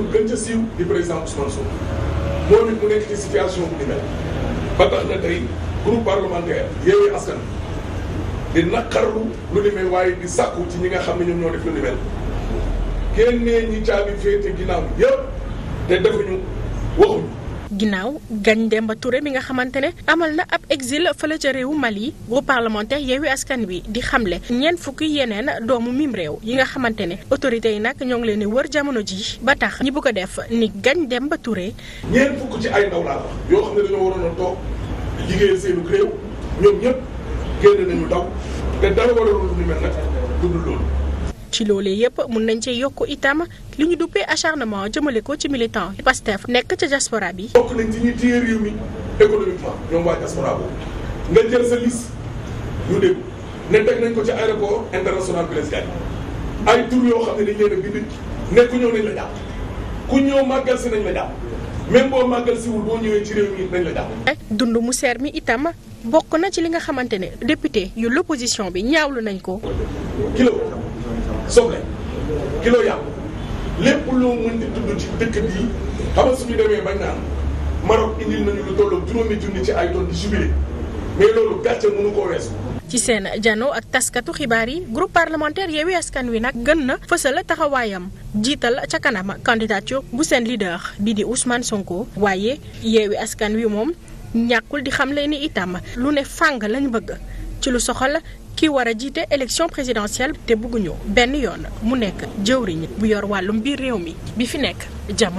tur gën ca siiw di président Ousmane moo moom mu nekk ci situation bu ni mel ba tax na tey groupe parlementaire Yewwi Askan di naqarlu lu ni mel waaye di sàkku ci ñi nga xam ne ñoom ñoo def lu ni mel génnee ñi caabi féete ginnaaw yëpp te defuñu waxuñu gañ dem ba Touré mi nga xamante ne amal na ab exil fële ca réewu Mali groupe parlementaire Yewwi Askan Wi di xamle ñeent fukki yeneen doomu mim réew yi nga xamante ne autorité yi nag ñoo ngi leen di wër jamono ji ba tax ñi bu ko def ni gañ dem ba Touré. ñeent fukk ci ay ndaw laa wax yoo xam ne dañoo waroon a toog liggéeyal seenu réew ñoom ñëpp génn nañu daw te dara waroon lu dund loolu. ci loolee yëpp mun nañ cee yokk itam li ñu duppee acharnement jëmale ko ci militant Pastef nekk ca diaspora bi. bokk nañ ci ñi téye réew mi économiquement ñoom waa nañ ko ci aéroport international Blaise Diagne ay tur yoo xam ne dañ leen a bind ne ku ñëw la jàpp ku ñëw màggal si nañ la jàpp même màggal si boo ñëwee ci réew mi nañ la jàpp. Eh, dund mu seer mi itam. bokk na ci li nga xamante ne député yu l'opposition bi ñaawlu nañ ko. soble kilo yàpp lépp loo mën di dund ci dëkk bi xam suñu demee bañ naan Maroc indil nañu lu tolloog juróomi junni ci ay tonnes di jubilé mais loolu gàcce mënu koo weesu. ci seen jano ak taskatu xibaar yi groupe parlementaire Yewwi Askan Wi nag gën na fësal taxawaayam jiital ca kanam candidature bu seen leader bi di Ousmane Sonko waaye Yewwi Askan Wi moom ñàkkul di xamle ni itam lu ne fàng lañu bëgg ci lu soxal ki war a jiite élection présidentielle te bëgguñu benn yoon mu nekk jëwriñ bu yor wàllum biir réew mi bi fi nekk jam